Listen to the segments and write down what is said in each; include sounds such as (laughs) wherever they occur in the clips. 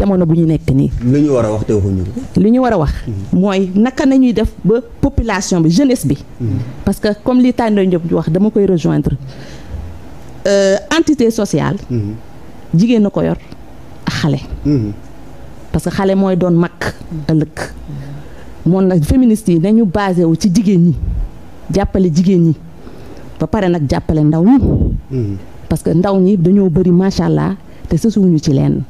jamono bu ñu nekk nii. li ñu war a wax te li ñu war a wax. mooy naka nañuy def ba population bi jeunesse bi. Mm. parce que comme li Tande Diop wax dama koy rejoindre euh, entité sociale. Mm-hmm. jigéen na ko yor ak xale. Mm-hmm. parce que xale mooy doon mag ëllëg. moom nag féministes yi nañu basé wu ci jigéen ñi jàppale jigéen ñi ba pare nag jàppale ndaw ñi. Mm-hmm. parce que ndaw ñi dañoo bëri macha allah te sësuwuñu ci leen.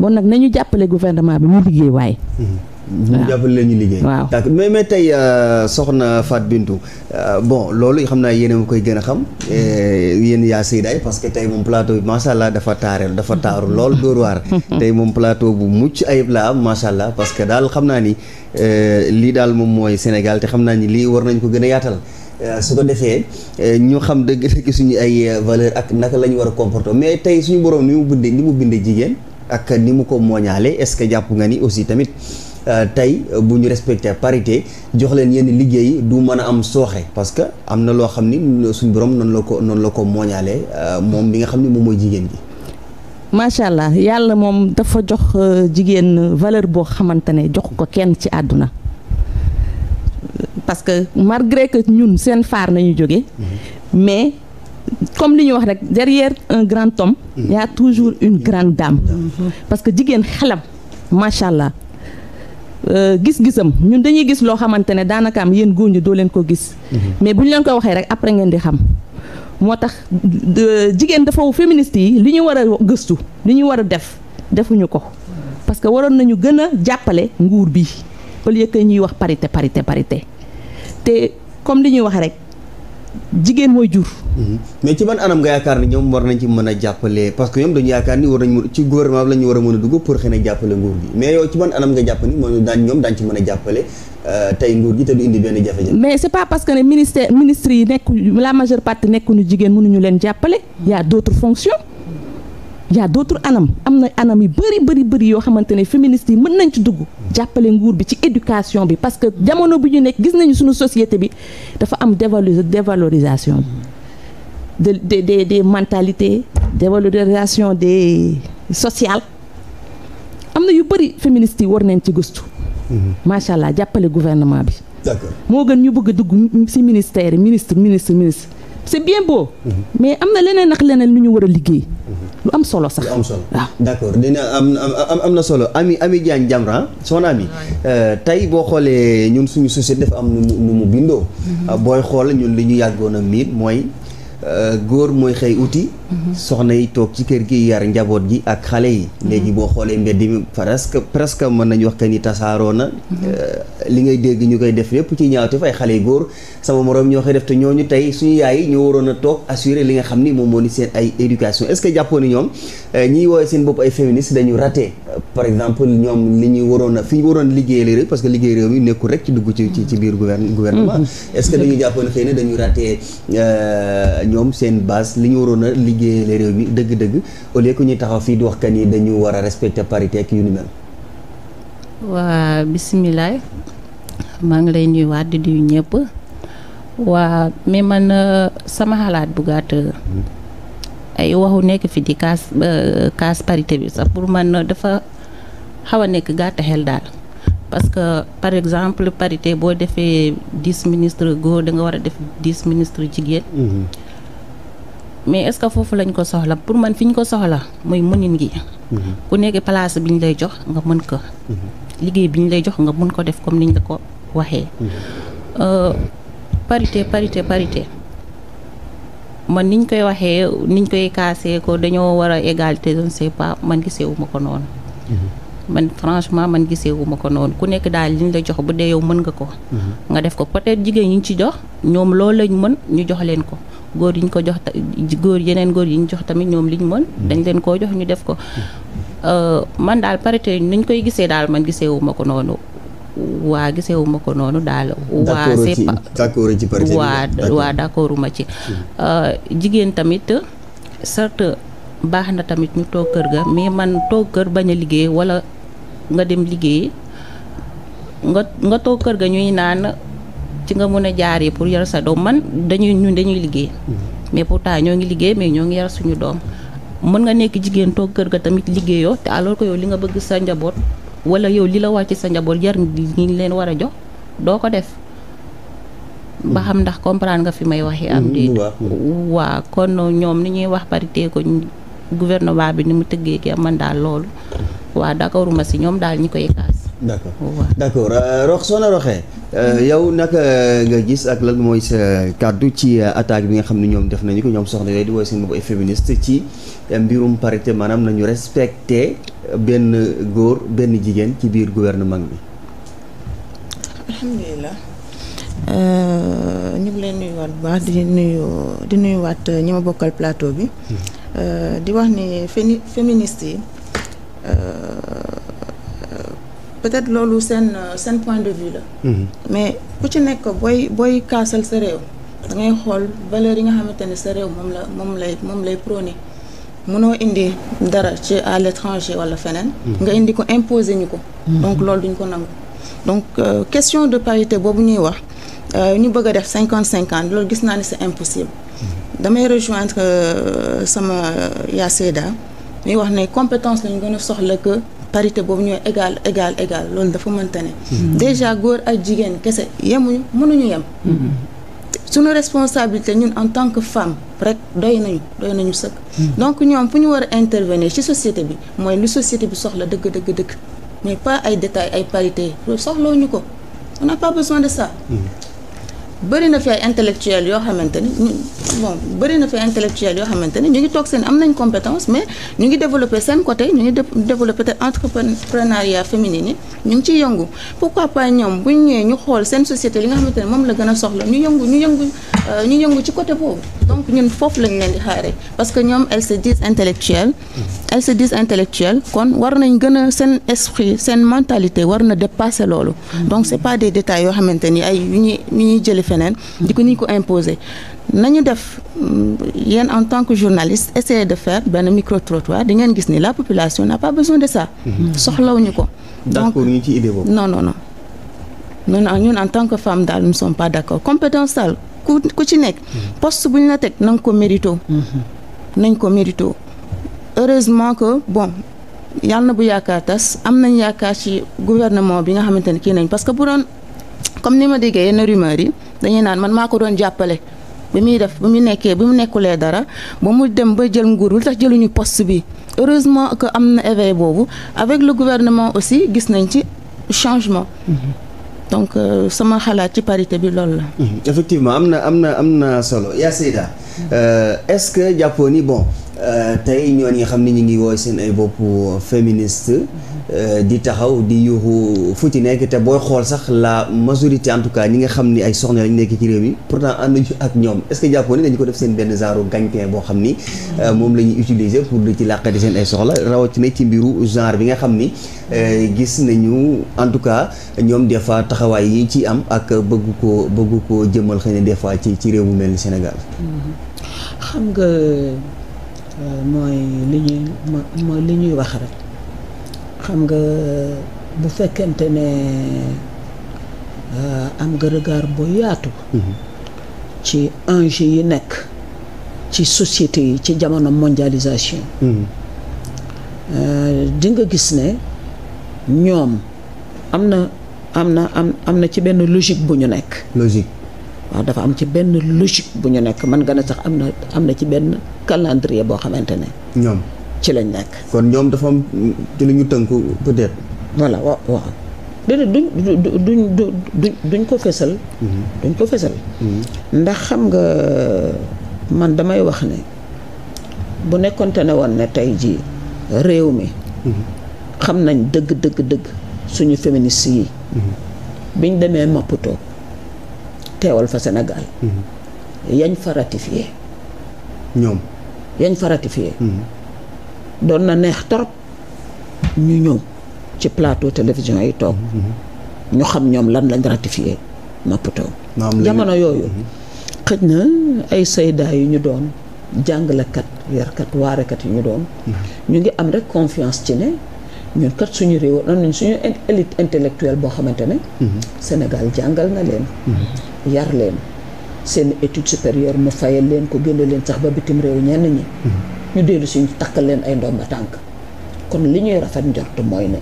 bon nag nañu jàppale gouvernement bi mu liggéey waaye. waaw ñu jàppale leen ñu liggéey. waaw d'accord mais mais tey euh, soxna Fatou Bintou euh, bon loolu xam naa yéen a koy gën a xam. yéen yaa Seydaay parce que tey moom plateau bi macha allah dafa taareel dafa taaru lool dóor waar. (laughs) moom plateau bu mucc ayib la am macha parce que daal xam naa ni euh, lii daal moom mooy Sénégal te xam naa ni lii war nañ ko gën a yaatal. su ko defee ñu xam dëgg-dëgg suñu ay valeur ak naka la ñu war a comporter mais tey suñu borom ni mu bindee ni mu bind jigéen. ak ni mu ko mooñaale est-ce que jàpp nga ni aussi tamit euh, tey bu ñu respecté parité jox leen yenn liggéey du mën a am sooxe parce que am na loo xam ni suñ borom noonu la ko noonu la ko mooñaale euh, moom bi nga xam ni moom mooy jigéen gi macha allah yàlla moom dafa jox euh, jigéen valeur boo xamante ne jox ko kenn ci àdduna parce que malgré ñun seen faar nañu jóge mm-hmm. mais comme li ñuy wax rek derrière un grand homme. Mm. yaa a toujours une grande dame. parce que jigéen xelam macha allah euh, gis-gisam ñun dañuy gis loo xamante ne daanakaam yéen góor ñi doo leen ko gis. Mm-hmm. mais bu ñu leen ko waxee rek après ngeen di xam. moo tax jigéen dafa féministe yi li ñu war a gëstu li ñu war a def defuñu ko parce que waroon nañu gën a jàppale nguur bi au lieu ñuy wax parité parité parité te comme li ñuy wax rek. jigéen mooy jur. Mhm. mais ci ban anam nga yaakaar ni ñoom war nañ ci mën a jàppale parce que ñoom dañu yaakaar ni war nañ ci gouvernement bi la ñu war a mën a dugg pour xëy jàppale nguur gi mais yow ci ban anam nga jàpp ni moom daañ ñoom daañ ci mën a jàppale euh, tey nguur gi te du indi benn jafe-jafe. mais c'est pas parce que ne ministère ministre yi nekk la majeure partie nekkuñu jigéen mënuñu leen jàppale. y a d'autres y a anam am na anam yu bëri bëri bëri yoo xamante ne féministes yi mën nañ ci dugg jàppale nguur bi ci éducation bi parce que jamono bi ñu nekk gis nañu suñu société bi dafa am dévalo dévalorisation de de des des mentalités dévalorisation des sociales am na yu bëri féministes yi war nañ ci gëstu. Mm-hmm. macha allah jàppale gouvernement bi. moo gën ñu bëgg a dugg ci ministère ministre ministre ministre. c'est bien boo mm-hmm. mais am na leneen nax leneen lu ñu war a liggéey. lu am solo sax. lu am solo waaw d'accord dina am am na solo Ami Ami Diagne Jamra soxna bi euh, tey boo xoolee ñun suñu société dafa am nu mu nu bindoo. Mhm. Euh, booy xool ñun li ñu yàggoon a mooy. Euh, góor mooy xëy uti. Mhm. soxna yi toog ci kër gi yar njaboot gi ak xale yi. Mhm. léegi boo xoolee mbedd mi presque presque mën nañu wax que ni tasaaroo na. Mhm. Euh, li ngay dégg ñu koy def lépp ci ñaawteef ay xale yu góor sama moroom ñoo koy def te ñooñu tey suñu yaay yi ñoo waroon a toog assurer li nga xam ni moom moo ni seen ay éducation est-ce que jàppoon ni ñoom euh, ñiy woowee seen bopp ay féministes dañu raté. par exemple ñoom li ñuy waroon a fi ñu waroon liggéey réew parce que liggéey réew mi nekkul rek ci dugg ci ci biir gouvernement. est-ce que dañu jàppoon xëy ñoom seen base li ñu waroon a liggéeyale réew mi dëgg-dëgg au lieu que ñuy taxaw fii di wax kan yi dañu war a respecter parité ak yu ni mel. waa bisimilah maa ngi lay nuyuwaat di du ñëpp waa mais man euh, sama xalaat bu gàtt euh, ay waxu nekk fi di kaas euh, kaas parité bi sax pour man dafa xaw a nekk gàtt xel daal. parce que par exemple parité boo defee dix ministres góor da nga war a def dix ministre jigéen. Mm -hmm. mais est-ce que foofu lañ ko soxla pour man fi ñu ko soxla mooy mënin gi mhm. ku nekk place bi ñu lay jox nga mën ko mhm. liggéey bi ñu lay jox nga mën ko def comme niñ la ko waxee mhm. euh, parité parité parité man niñ koy waxee niñ koy kaasee dañoo war a égalité je ne pas man gisee wu ko noonu man franchement man gisee wu ko noonu ku nekk daal liñ la jox bu dee yow mën nga ko nga def ko peut jigéen ñi ñu ci jox ñoom loolu lañ mën ñu jox leen ko góor yi ñu ko jox góor yeneen góor yi ñu jox tamit ñoom liñ mën mm. dañ leen koo jox ñu def ko euh, man daal parité niñ koy gisee daal man gisee wu ma ko noonu waa gisee wu ko noonu daal waa c'est pas d'accord ci parité waa waa d'accord ma ci mm. euh, jigéen tamit certes baax na tamit ñu toog kër ga mais man toog kër bañ a liggéey wala nga dem liggéey nga nga toog kër ga ñuy naan ci nga mën a jaaree pour yar sa doom man dañuy ñun dañuy liggéey mm-hmm. mais pourtant ñoo ngi liggéey mais ñoo ngi yar suñu doom mën nga nekk jigéen toog kër ga tamit liggéeyoo te alors que yow li nga bëgg sa njaboot wala yow li la wàcc sa njaboot yar ngi leen war a jox doo ko def mm-hmm. ba xam ndax comprendre nga fi may waxee am mm-hmm. déet waa kon ñoom ni ñuy wax parité ko gouvernement bi ni mu tëggee ki man daal loolu waa d'accorduma si ñoom daal ñu koy d' accord d' accord euh, rox soo na roxee euh, yow naka nga gis ak lan mooy sa kàddu ci euh, attaque bi nga xam ne ñoom def nañu ko ñoom soxna yooyu di wooy seen bopp ci mbirum parité maanaam nañu respecté benn góor benn jigéen ci biir gouvernement bi alhamdulilah ñu ngi leen nuyuwaat bu baax di nuyuwaat ñi ma hmm. wax ni féministe yi peut-être loolu seen euh, seen point de vue la. Mhm. mais ku ci nekk booy booy kaasal sa réew. dangay xool valeur yi nga xamante ne sa réew moom la moom lay moom lay prôné mënoo indi dara ci à l'étranger wala feneen. Mhm. nga indi ko imposer ñu ko. Mhm. donc loolu duñ ko nangu. donc euh, question de parité boobu ñuy wax euh, ñu bëgg a def cinquante cinquante loolu gis naa ni c'est impossible. damay rejoindre sama Yaceda muy wax ne compétence lañu gën a soxla que. parité boobu ñooy égal égal égal loolu dafa mënta ne. Hmm. déjà góor ak jigéen kese yemuñu mënuñu yem. Hmm. suñu responsabilité ñun en tant que femme rek doy nañu doy nañu sëkk. Hmm. donc ñoom fu ñu war a intervenir ci société bi mooy lu société bi soxla dëgg dëgg dëgg mais pas ay détails ay parité soxlawuñu ko on n'a pas besoin de ça. bëri na fi ay intellectuels yoo xamante ni ñu bon bëri na fi ay intellectuels yoo xamante ni ñu ngi toog seen am nañ compétence mais ñu ngi développé seen côté ñu ngi développé te entrepreneuriat féminin yi ñu ngi ci yëngu pourquoi pas ñoom bu ñu ñëwee ñu xool seen société li nga xamante ne moom la gën a soxla ñu yëngu ñu yëngu euh, ñu yëngu ci côté boobu donc ñun foofu lañ leen di xaaree parce que ñoom elles se disent intellectuelles elles se disent intellectuelles kon war nañ gën a seen esprit seen mentalité war na dépasser loolu mm-hmm. donc c'est pas des détails yoo xamante ni feneen di ko ni ñu ko imposer nañu def mm, yéen en tant que journaliste essayer de faire benn micro trottoir di ngeen gis ni la population n'a pas besoin de ça mhm. ñu ko donc ñu ci idée boobu non non non ñun en tant que femme daal nous ne sommes pas d'accord compétence ku ci nekk mhm. poste bu ñu la teg na nga ko mérito mhm. nañ ko mérito heureusement que bon yàlla na bu yaakaar tas am nañ yaakaar ci gouvernement bi nga xamante kii nañ parce que comme ni ma déggee yenn rumeur yi dañuy naan man maa ko doon jàppale bi muy def bi mu nekkee bi mu nekkulee dara ba mu dem ba jël nguur lu tax jëluñu post bi heureusement que am na éveil boobu avec le gouvernement aussi gis nañ ci changement. Mm-hmm. donc euh, sama xalaat ci parité bi loolu la. Mm-hmm. effectivement am na am na am na solo yaa Seyda mm-hmm. euh, est-ce que jàppoo ni bon euh, tey ñooñu nga xam ne ñu ngi woy seen ay bopp féministe. Euh, di taxaw di yuuxu fu ci nekk te booy xool sax la majorité en tout cas ñi nga xam ni ay soxna lañ nekk ci réew mi pourtant ànd nañu ak ñoom est-ce boo xam ni euh, moom la ñuy utiliser pour di ci làqati seen ay soxla rawatina ci mbiru genre bi nga xam ni euh, gis nañu en tout cas ñoom des fois taxawaay yi ci am ak bëgg koo bëgg ko jëmal xëy ne des fois ci ci réew mu mel ni Sénégal mm-hmm. xam nga mooy li ñuy wax rek xam nga bu fekkente ne euh, am nga regard boo yaatu. Mhm. ci enjeu yi nekk ci société yi ci jamono mondialisation. Mhm. Euh, di nga gis ne ñoom am na am na am am na ci benn logique bu ñu nekk. logique. waaw dafa am ci benn logique bu ñu nekk mën nga ne sax am na am na ci benn calendrier boo xamante ne. ñoom. ci lañ nekk. kon ñoom dafa ci lu ñu tënku peut-être. waaw waaw déedéet duñ duñ duñ duñ ko fesal mhm. duñ ko fësal. Mhm. ndax xam nga man damay wax ne bu nekkoonte ne woon ne tey jii réew mi. Mhm. xam nañ dëgg dëgg dëgg suñu féministes yi. biñ demee Maputo teewal fa Sénégal. yañ fa ratifié. ñoom. yañ fa ratifié. doon na neex torop ñu ñëw ci plateau télévision yi toog ñu xam ñoom lan lañ ratifié Maputo jamono yooyu mhm. xëj na ay saydaa yu ñu doon jàngalekat yarkat waarekat yu ñu doon mhm. ñu ngi am rek confiance ci ne ñun kat suñu réew am nañ suñu élite intellectuelle boo xamante ne mhm. Sénégal jàngal na leen yar leen seen étude supérieure mu fayal leen ko génne leen sax ba bitim réew ñenn ñi ñu dellu si ñu takkal leen ay ndomba tànk kon li ñuy rafet njort mooy ne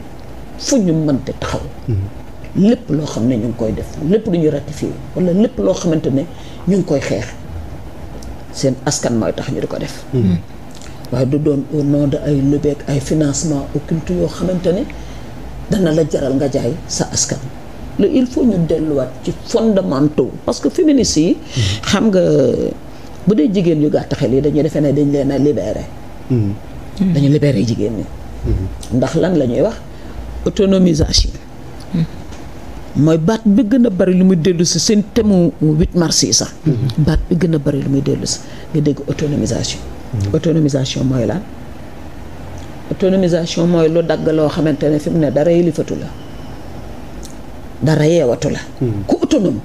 fu ñu mënte taxaw mm-hmm. lépp loo xam ne ñu ngi koy def lépp lu ñu ratifié wala lépp loo xamante ne ñu ngi koy xeex seen askan mooy tax ñu di ko def mm-hmm. waaye du doon au nom de ay lebeek ay financement occulte yoo xamante ne dana la jaral nga jaay sa askan la il faut ñu delluwaat ci fondamentaux parce que féministes yi mm-hmm. xam nga bu dee jigéen yu gàtt xel yi dañuy defee ne dañ leen a libéré. Hmm. Hmm. dañu libéré jigéen ñi. Hmm. ndax lan la ñuy wax autonomisation. mooy baat bi gën a bari lu muy dellu si seen temu 8 mars yi sax. baat gën a bari lu muy dellu si nga dégg autonomisation. autonomisation mooy lan. autonomisation mooy lu dagg loo xamante ne fi mu ne dara yëlifatu la dara yeewatu la. ku autonome.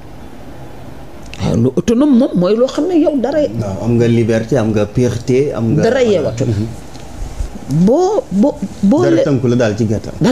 waaw lu autonome moom mooy loo xam ne yow dara. am nga liberté am nga pureté am nga. dara yeewatu. Mhm. boo boo boo. dara tënku la daal ci gàttal.